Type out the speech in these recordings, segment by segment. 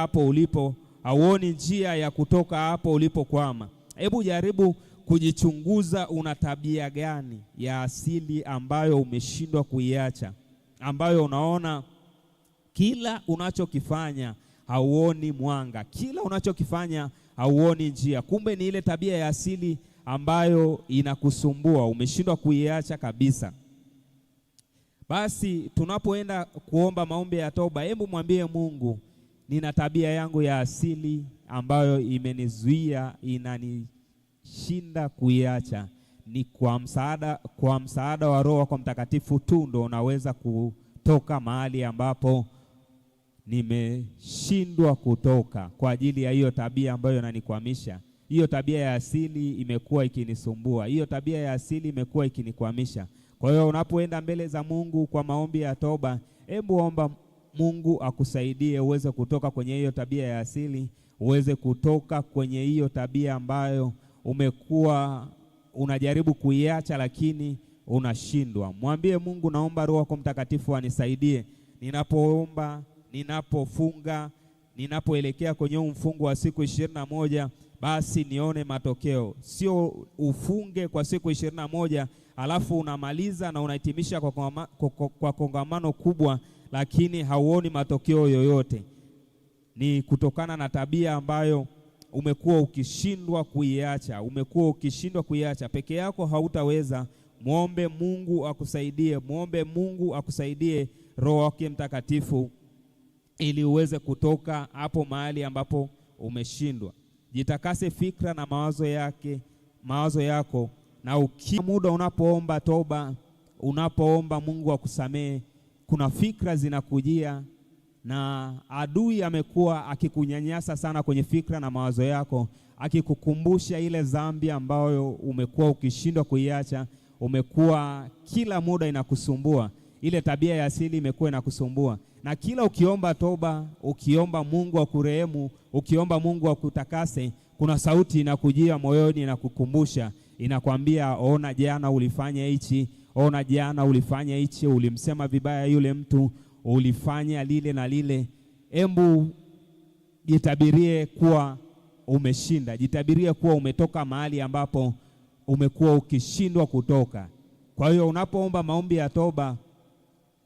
hapo ulipo, hauoni njia ya kutoka hapo ulipokwama, hebu jaribu kujichunguza. Una tabia gani ya asili ambayo umeshindwa kuiacha, ambayo unaona kila unachokifanya hauoni mwanga, kila unachokifanya hauoni njia? Kumbe ni ile tabia ya asili ambayo inakusumbua, umeshindwa kuiacha kabisa. Basi tunapoenda kuomba maombi ya toba, hebu mwambie Mungu nina tabia yangu ya asili ambayo imenizuia, inanishinda kuiacha. Ni kwa msaada, kwa msaada wa Roho wako Mtakatifu tu ndo unaweza kutoka mahali ambapo nimeshindwa kutoka kwa ajili ya hiyo tabia ambayo inanikwamisha. Hiyo tabia ya asili imekuwa ikinisumbua, hiyo tabia ya asili imekuwa ikinikwamisha. Kwa hiyo unapoenda mbele za Mungu kwa maombi ya toba, hebu omba Mungu akusaidie uweze kutoka kwenye hiyo tabia ya asili, uweze kutoka kwenye hiyo tabia ambayo umekuwa unajaribu kuiacha lakini unashindwa. Mwambie Mungu, naomba Roho yako Mtakatifu anisaidie ninapoomba, ninapofunga, ninapoelekea kwenye mfungo wa siku ishirini na moja basi nione matokeo. Sio ufunge kwa siku ishirini na moja alafu unamaliza na unahitimisha kwa kongamano kubwa lakini hauoni matokeo yoyote, ni kutokana na tabia ambayo umekuwa ukishindwa kuiacha, umekuwa ukishindwa kuiacha. Peke yako hautaweza. Mwombe Mungu akusaidie, mwombe Mungu akusaidie Roho wake Mtakatifu ili uweze kutoka hapo mahali ambapo umeshindwa. Jitakase fikra na mawazo yake, mawazo yako, na uki muda unapoomba toba, unapoomba Mungu akusamehe kuna fikra zinakujia na adui amekuwa akikunyanyasa sana kwenye fikra na mawazo yako, akikukumbusha ile dhambi ambayo umekuwa ukishindwa kuiacha. Umekuwa kila muda inakusumbua, ile tabia ya asili imekuwa inakusumbua, na kila ukiomba toba, ukiomba Mungu akurehemu, ukiomba Mungu akutakase, kuna sauti inakujia moyoni, inakukumbusha, inakwambia, ona, jana ulifanya hichi ona, jana ulifanya hichi, ulimsema vibaya yule mtu, ulifanya lile na lile. Embu jitabirie kuwa umeshinda, jitabirie kuwa umetoka mahali ambapo umekuwa ukishindwa kutoka. Kwa hiyo unapoomba maombi ya toba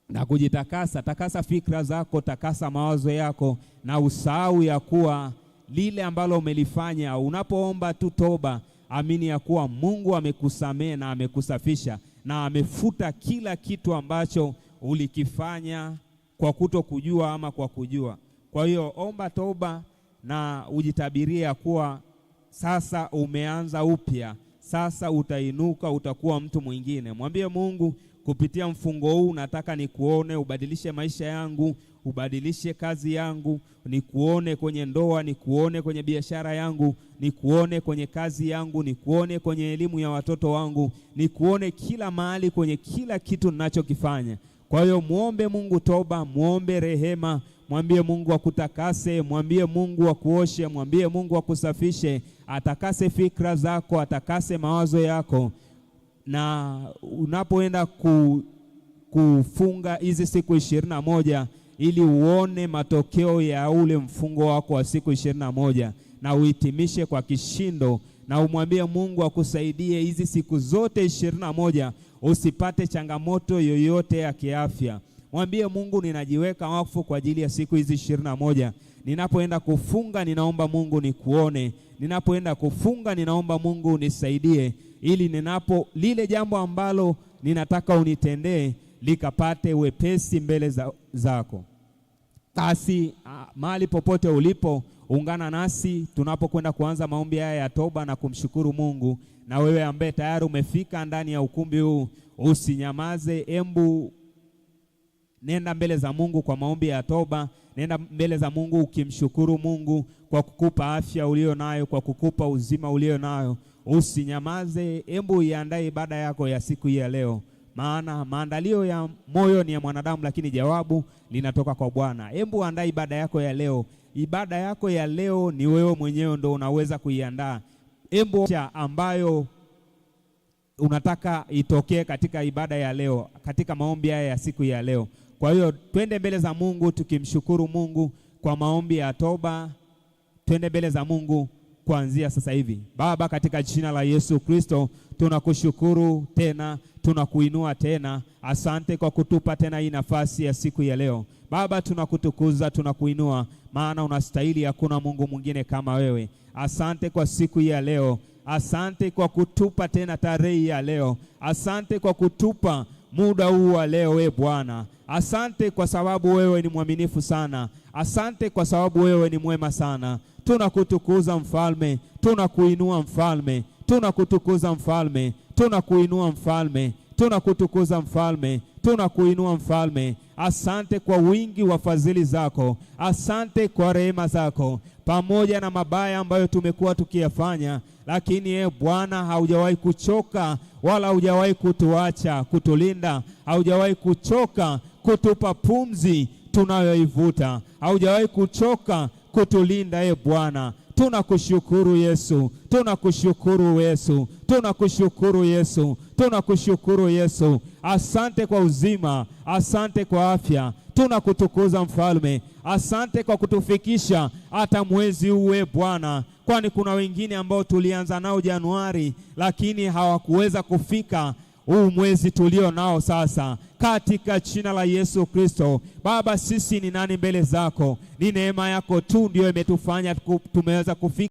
na kujitakasa, takasa fikra zako, takasa mawazo yako, na usahau ya kuwa lile ambalo umelifanya. Unapoomba tu toba, amini ya kuwa Mungu amekusamehe na amekusafisha na amefuta kila kitu ambacho ulikifanya kwa kuto kujua ama kwa kujua. Kwa hiyo omba toba na ujitabirie ya kuwa sasa umeanza upya, sasa utainuka, utakuwa mtu mwingine. Mwambie Mungu kupitia mfungo huu nataka nikuone, ubadilishe maisha yangu, ubadilishe kazi yangu, nikuone kwenye ndoa, nikuone kwenye biashara yangu, nikuone kwenye kazi yangu, nikuone kwenye elimu ya watoto wangu, nikuone kila mahali, kwenye kila kitu ninachokifanya. Kwa hiyo muombe Mungu toba, muombe rehema, mwambie Mungu akutakase, mwambie Mungu akuoshe, mwambie Mungu akusafishe, atakase fikra zako, atakase mawazo yako na unapoenda ku, kufunga hizi siku ishirini na moja ili uone matokeo ya ule mfungo wako wa siku ishirini na moja na uhitimishe kwa kishindo, na umwambie Mungu akusaidie hizi siku zote ishirini na moja usipate changamoto yoyote ya kiafya. Mwambie Mungu, ninajiweka wakfu kwa ajili ya siku hizi ishirini na moja. Ninapoenda kufunga, ninaomba Mungu nikuone. Ninapoenda kufunga, ninaomba Mungu unisaidie, ili ninapo lile jambo ambalo ninataka unitendee likapate wepesi mbele za, zako. Basi mahali popote ulipo, ungana nasi tunapokwenda kuanza maombi haya ya toba na kumshukuru Mungu. Na wewe ambaye tayari umefika ndani ya ukumbi huu, usinyamaze, embu Nenda mbele za Mungu kwa maombi ya toba. Nenda mbele za Mungu ukimshukuru Mungu kwa kukupa afya ulio nayo, kwa kukupa uzima ulio nayo. Usinyamaze, embu iandae ibada yako ya siku hii ya leo, maana maandalio ya moyo ni ya mwanadamu, lakini jawabu linatoka kwa Bwana. embu andae ibada yako ya leo. Ibada yako ya leo ni wewe mwenyewe ndo unaweza kuiandaa. embu ambayo unataka itokee katika ibada ya leo, katika maombi haya ya siku ya leo. Kwa hiyo twende mbele za Mungu tukimshukuru Mungu kwa maombi ya toba. Twende mbele za Mungu kuanzia sasa hivi. Baba, katika jina la Yesu Kristo tunakushukuru tena, tunakuinua tena. Asante kwa kutupa tena hii nafasi ya siku ya leo. Baba, tunakutukuza, tunakuinua, maana unastahili, hakuna Mungu mwingine kama wewe. Asante kwa siku ya leo. Asante kwa kutupa tena tarehe ya leo. Asante kwa kutupa muda huu wa leo, e Bwana. Asante kwa sababu wewe ni mwaminifu sana. Asante kwa sababu wewe ni mwema sana. Tunakutukuza mfalme, tunakuinua mfalme, tunakutukuza mfalme, tunakuinua mfalme, tunakutukuza mfalme tunakuinua mfalme. Asante kwa wingi wa fadhili zako, asante kwa rehema zako, pamoja na mabaya ambayo tumekuwa tukiyafanya, lakini e Bwana, haujawahi kuchoka wala haujawahi kutuacha, kutulinda, haujawahi kuchoka kutupa pumzi tunayoivuta, haujawahi kuchoka kutulinda e Bwana. Tunakushukuru Yesu, tunakushukuru Yesu, tunakushukuru Yesu, tunakushukuru Yesu. Asante kwa uzima, asante kwa afya, tunakutukuza Mfalme. Asante kwa kutufikisha hata mwezi uwe Bwana, kwani kuna wengine ambao tulianza nao Januari, lakini hawakuweza kufika huu mwezi tulio nao sasa, katika jina la Yesu Kristo. Baba, sisi ni nani mbele zako? Ni neema yako tu ndio imetufanya tumeweza kufika